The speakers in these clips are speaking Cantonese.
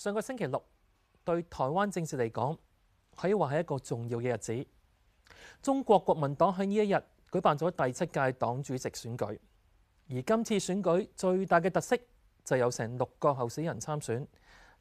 上個星期六對台灣政治嚟講，可以話係一個重要嘅日子。中國國民黨喺呢一日舉辦咗第七屆黨主席選舉，而今次選舉最大嘅特色就有成六個候選人參選，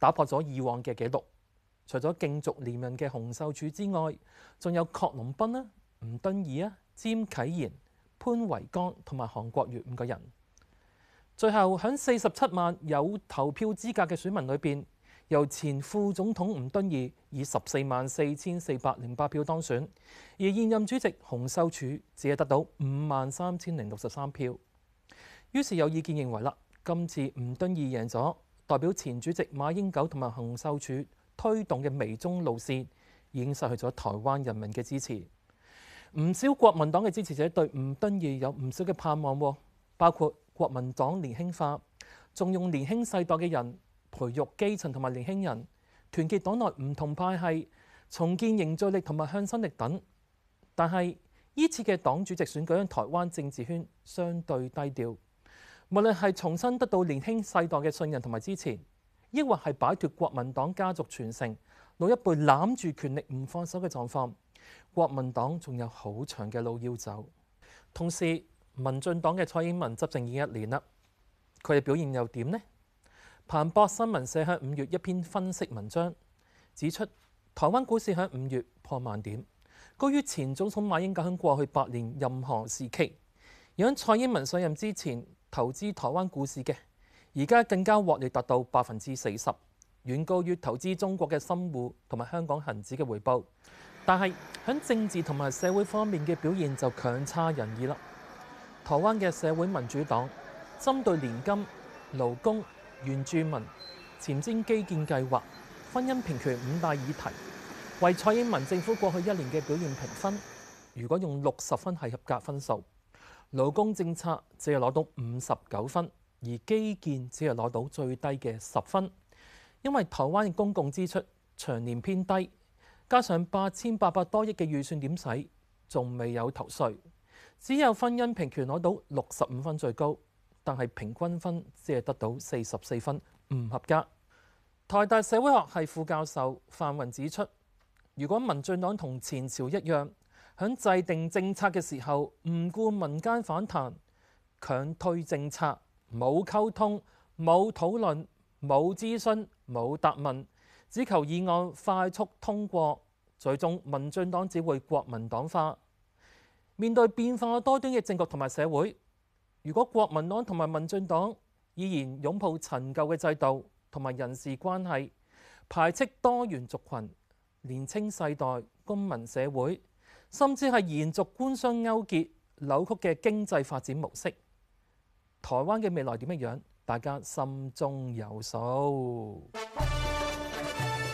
打破咗以往嘅紀錄。除咗競逐連任嘅洪秀柱之外，仲有郝龍斌啊、吳敦義啊、詹啟賢、潘維剛同埋韓國瑜五個人。最後喺四十七萬有投票資格嘅選民裏邊，由前副總統吳敦義以十四萬四千四百零八票當選，而現任主席洪秀柱只係得到五萬三千零六十三票。於是有意見認為啦，今次吳敦義贏咗，代表前主席馬英九同埋洪秀柱推動嘅微中路線已經失去咗台灣人民嘅支持。唔少國民黨嘅支持者對吳敦義有唔少嘅盼望，包括國民黨年輕化、重用年輕世代嘅人。培育基層同埋年輕人，團結黨內唔同派系，重建凝聚力同埋向心力等。但係呢次嘅黨主席選舉喺台灣政治圈相對低調，無論係重新得到年輕世代嘅信任同埋支持，抑或係擺脫國民黨家族傳承老一輩攬住權力唔放手嘅狀況，國民黨仲有好長嘅路要走。同時，民進黨嘅蔡英文執政已經一年啦，佢嘅表現又點呢？彭博新聞社喺五月一篇分析文章指出，台灣股市喺五月破萬點，高於前總統馬英九喺過去八年任何時期。而喺蔡英文上任之前投資台灣股市嘅，而家更加獲利達到百分之四十，遠高於投資中國嘅深戶同埋香港恒指嘅回報。但係喺政治同埋社會方面嘅表現就強差人意啦。台灣嘅社會民主黨針對年金勞工、原住民、前瞻基建計劃、婚姻平權五大議題，為蔡英文政府過去一年嘅表現評分。如果用六十分係合格分數，勞工政策只係攞到五十九分，而基建只係攞到最低嘅十分，因為台灣嘅公共支出長年偏低，加上八千八百多億嘅預算點使，仲未有頭緒，只有婚姻平權攞到六十五分最高。但係平均分只係得到四十四分，唔合格。嗯、台大社會學系副教授范雲指出，如果民進黨同前朝一樣，響制定政策嘅時候唔顧民間反彈，強推政策，冇溝通，冇討論，冇諮詢，冇答問，只求議案快速通過，最終民進黨只會國民黨化。面對變化多端嘅政局同埋社會。如果國民黨同埋民進黨依然擁抱陳舊嘅制度同埋人事關係，排斥多元族群、年青世代、公民社會，甚至係延續官商勾結、扭曲嘅經濟發展模式，台灣嘅未來點樣樣？大家心中有數。